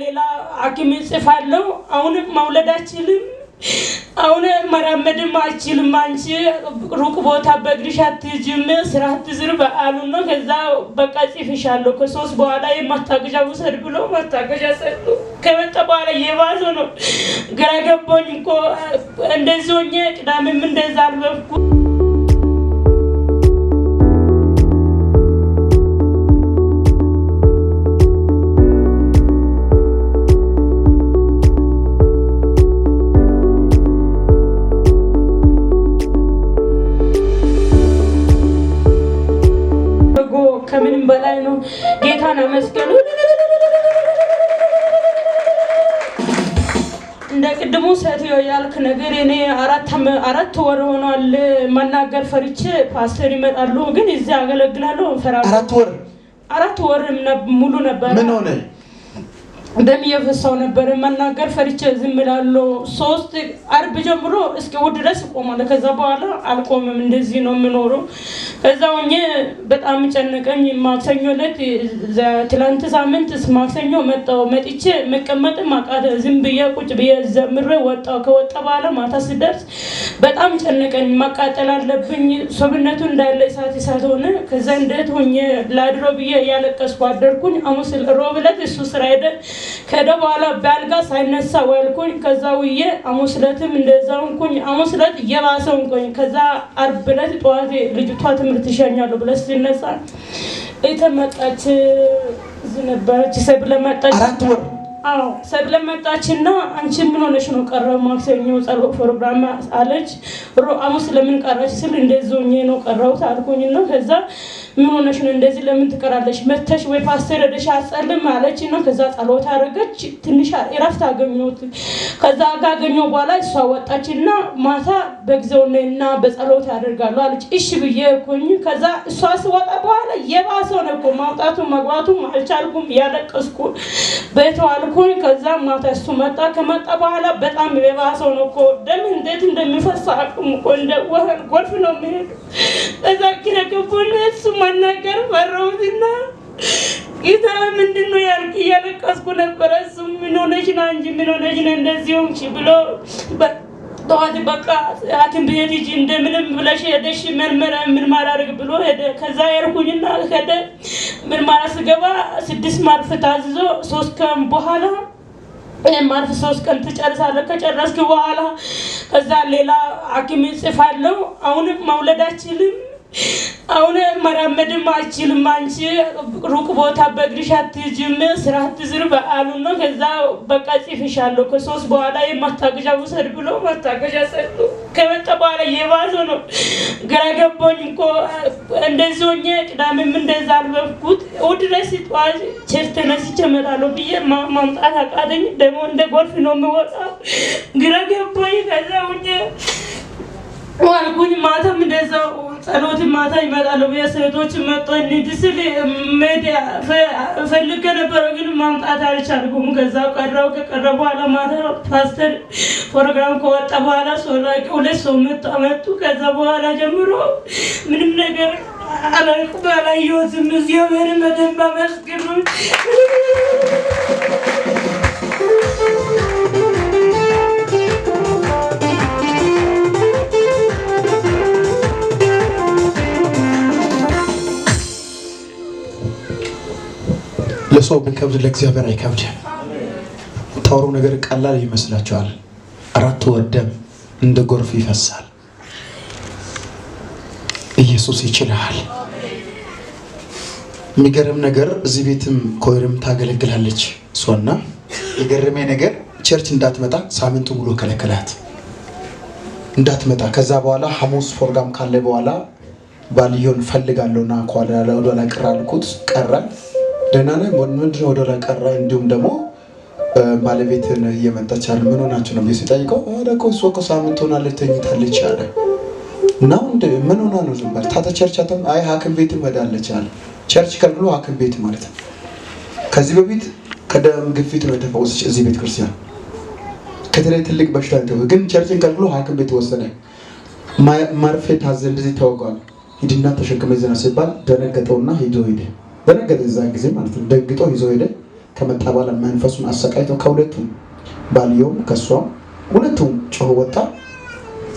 ሌላ ሐኪም ጽፋለሁ። አሁንም መውለዳችልም አሁን መራመድም አችልም። አንቺ ሩቅ ቦታ በእግርሽ አትሄጂም፣ ስራ አትዝር በአሉ ነው። ከዛ በቃ ጽፍሻለሁ ከሶስት በኋላ የማስታገዣ ውሰድ ብሎ ማስታገዣ ሰጡ። ከመጣ በኋላ የባሰ ነው። ግራ ገባኝ እኮ እንደዚህ ሆኜ ቅዳሜም እንደዛ አልበብኩ ከምንም በላይ ነው። ጌታን አመስገኑ። እንደ ቅድሙ ሴትዮ ያልክ ነገር እኔ አራት ወር ሆኗል መናገር ፈርቼ፣ ፓስተር ይመጣሉ ግን እዚህ አገለግላለሁ። አራት ወር አራት ወር ሙሉ ነበር። ምን ሆነ? ደም እየፈሳው ነበረ። መናገር ፈርቼ ዝም እላለሁ። ሶስት አርብ ጀምሮ እስከ እሑድ ድረስ እቆማለሁ። ከዛ በኋላ አልቆምም። እንደዚህ ነው የምኖረው። ከዛ ሆኜ በጣም ጨነቀኝ። ማክሰኞ ዕለት ትላንት ሳምንት ማክሰኞ መጣሁ። መጥቼ መቀመጥም አቃተ። ዝም ብዬ ቁጭ ብዬ ዘምሬ ወጣሁ። ከወጣ በኋላ ማታ ስደርስ በጣም ጨነቀኝ። ማቃጠል አለብኝ ሰውነቱ እንዳለ እሳት እሳት ሆነ። ከዛ እንዴት ሆኜ ላድሮ ብዬ እያለቀስኩ አደርኩኝ። ሐሙስ ሮብ ዕለት እሱ ስራ ሄደ ከደ በኋላ በአልጋ ሳይነሳ ዋልኩኝ። ከዛ ውዬ ሐሙስ ዕለትም እንደዛውንኩኝ። ሐሙስ ዕለት እየባሰውንኩኝ። ከዛ ዓርብ ዕለት ጠዋት ልጅቷ ትምህርት ይሻኛሉ ብለ ሲነሳ የተመጣች ነበረች ሰብለ መጣች። አራት ወር አዎ ሰብለ መጣች እና አንቺ ምን ሆነሽ ነው ቀረው ማክሰኞ ጸሎት ፕሮግራም አለች። ሐሙስ ለምን ቀረች ስል እንደዚህ ሆኜ ነው ቀረሁት አልኩኝ እና ከዛ ምን ሆነሽ ነው እንደዚህ ለምን ትቀራለሽ? መተሽ ወይ ፓስተር ደሽ አጸልም አለች ነው። ከዛ ጸሎት አደረገች። ትንሽ እረፍት አገኘት። ከዛ ካገኘው በኋላ እሷ ወጣች እና ማታ በጊዜው ነይና በጸሎት ያደርጋሉ አለች። እሺ ብዬ እኮኝ ከዛ እሷ ስወጣ በኋላ የባሰው ነው እኮ ማውጣቱ መግባቱ አልቻልኩም። እያለቀስኩ ቤቷ አልኩኝ። ከዛ ማታ እሱ መጣ። ከመጣ በኋላ በጣም የባሰው ነው እኮ ደም እንዴት እንደሚፈሳ አቅም እኮ እንደ ወህል ጎልፍ ነው የሚሄዱ እዛ ኪነገቡን እሱ መናገር ፈራሁትና ጌታ ምንድን ነው ያልክ? እያለቀስኩ ነበረ። እሱም ምን ሆነሽ ነው እንጂ ምን ሆነሽ ነው እንደዚህ ሆንሽ ብሎ ጠዋት በቃ ሐኪም ቤት ሂጂ እንደምንም ብለሽ ሄደሽ መርመረ ምን አድርግ ብሎ ሄደ። ከዛ ያርኩኝና ሄደ ምርመራ ስገባ ስድስት ማርፍ ታዝዞ ሶስት ቀን በኋላ ማርፍ ሶስት ቀን ትጨርሳለህ። ከጨረስክ በኋላ ከዛ ሌላ ሐኪም ጽፋለው አሁንም መውለድ አችልም መራመድም አልችልም፣ አንቺ ሩቅ ቦታ በእግርሽ አትሄጂም፣ ስራ አትዝር በአሉ ነው። ከዛ በቃ ጽፍሻለሁ ከሶስት በኋላ የማታገዣ ውሰድ ብሎ ማታገዣ ሰጡ። ከመጣ በኋላ የባሰ ነው። ግራ ገባኝ እኮ እንደዚህ ሆኜ ቅዳሜም እንደዛ አልበብኩት። እሑድ ድረስ ጠዋት ቸር ተነስቼ እመጣለሁ ብዬ ማምጣት አቃተኝ። ደግሞ እንደ ጎርፍ ነው የምወጣው። ግራ ገባኝ። ከዛ ሁኜ ዋልኩኝ። ማታም እንደዛው ጸሎት ማታ ይመጣሉ። የሴቶች መጦ እንሂድ ስል መሄድ ፈልጌ ነበረ፣ ግን ማምጣት አልቻልኩም። ከዛ ቀረው። ከቀረ በኋላ ማታ ፓስተር ፕሮግራም ከወጣ በኋላ ሶላቂ ሁለት ሰው መጡ አመጡ። ከዛ በኋላ ጀምሮ ምንም ነገር አላውቅም፣ አላየሁትም። እግዚአብሔርን በደንብ አመስግኑ። ለሰው ብንከብድ ለእግዚአብሔር አይከብድም። ታውሮ ነገር ቀላል ይመስላችኋል። አራት ወር ደም እንደ ጎርፍ ይፈሳል። ኢየሱስ ይችላል። የሚገርም ነገር እዚህ ቤትም ኮይርም ታገለግላለች እሷና የገረሜ ነገር ቸርች እንዳትመጣ ሳምንቱ ሙሉ ከለከላት እንዳትመጣ። ከዛ በኋላ ሐሙስ ፕሮግራም ካለ በኋላ ባልየውን ፈልጋለሁና ኋላ ቀር አልኩት ደህና ነህ? ምንድነው ወደ ኋላ ቀረ? እንዲሁም ደግሞ ባለቤትን እየመጣች አለ ምን ሆናችሁ ነው ብዬ ሲጠይቀው ኧረ እኮ እሷ እኮ ሳምንት ሆናለች ተኝታለች አለ እና ወንድ ምን ሆና ነው ዝም በል ታተ ቸርች አተም አይ ሐኪም ቤት መዳለች አለ። ቸርች ከልብሎ ሐኪም ቤት ማለት ነው። ከዚህ በፊት ከደም ግፊት ነው የተፈወሰች እዚህ ቤተ ክርስቲያን ከተለይ ትልቅ በሽታ ተው ግን ቸርችን ከልብሎ ሐኪም ቤት ወሰነ። መርፌ ታዘ እንደዚህ ተወጓል። ሂድና ተሸክመ ይዘና ሲባል ደነገጠውና ሂዶ ሄደ። በነገር እዛን ጊዜ ማለት ነው። ደግጦ ይዞ ሄደ። ከመጣ በኋላ መንፈሱን አሰቃይቶ ከሁለቱም ባልየውም ከእሷም ሁለቱም ጮሆ ወጣ።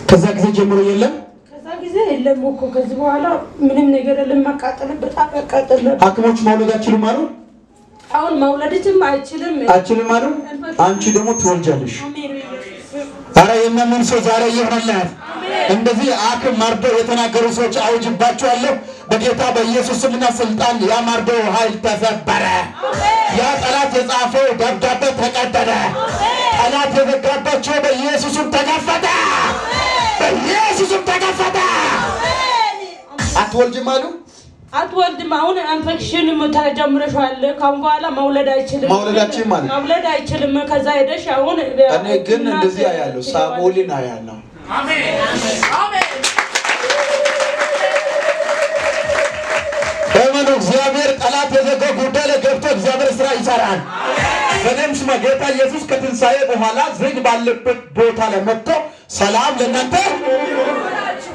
ከዛ ጊዜ ጀምሮ የለም ከዛ ጊዜ የለም እኮ ከዚህ በኋላ ምንም ነገር ለማቃጠልበት አቃጠል ሐኪሞች መውለድ አችልም አሉ። አሁን መውለድችም አይችልም አችልም አሉ። አንቺ ደግሞ ትወልጃለሽ። አረ የሚያምን ሰው ዛሬ ይሆንልሃል። እንደዚህ አክ ማርዶ የተናገሩ ሰዎች አውጅባችኋለሁ። በጌታ በኢየሱስ ስምና ስልጣን ያ ማርደው ኃይል ተሰበረ። ያ ጠላት የጻፈው ደብዳቤ ተቀደደ። ጠላት የዘጋባቸው በኢየሱስም ተከፈተ። በኢየሱስም ተከፈተ። አትወልጅም አሉ አትወልድም። አሁን ኢንፌክሽን ተጀምረሻል። ካሁን በኋላ መውለድ አይችልም። መውለድ አይችልም። ከዛ ሄደሽ አሁን እኔ ግን እንደዚህ አያለሁ፣ ሳሙልን አያለሁ በመኑ እግዚአብሔር ጠላት በዘጋው ጉዳይ ላይ ገብቶ እግዚአብሔር ስራ ይሰራል። በደም ስማ ጌታ ኢየሱስ ከትንሣኤ በኋላ ዝግ ባለበት ቦታ ላይ መጥቶ ሰላም ለእናንተ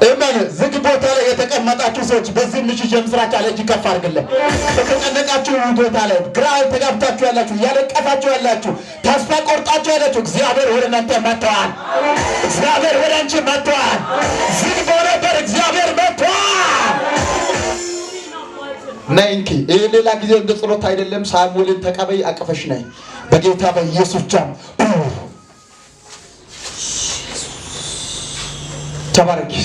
እመን ዝግ ቦታ ላይ የተቀመጣችሁ ሰዎች በዚህ ምሽት የምስራች አለ እጅ ከፍ አድርግልን። የተጨነቃችሁ ቦታ ላይ ግራ ተጋብታችሁ ያላችሁ፣ እያለቀሳችሁ ያላችሁ፣ ተስፋ ቆርጣችሁ ያላችሁ እግዚአብሔር ወደ እናንተ መጥተዋል። እግዚአብሔር ወደ አንቺ መጥተዋል። ዝግ በነበር እግዚአብሔር መጥተዋል። ነይ ይህ ሌላ ጊዜ እንደ ጸሎት አይደለም። ሳሙኤልን ተቀበይ፣ አቅፈሽ ነይ በጌታ በኢየሱስ ጃም ተባረኪ።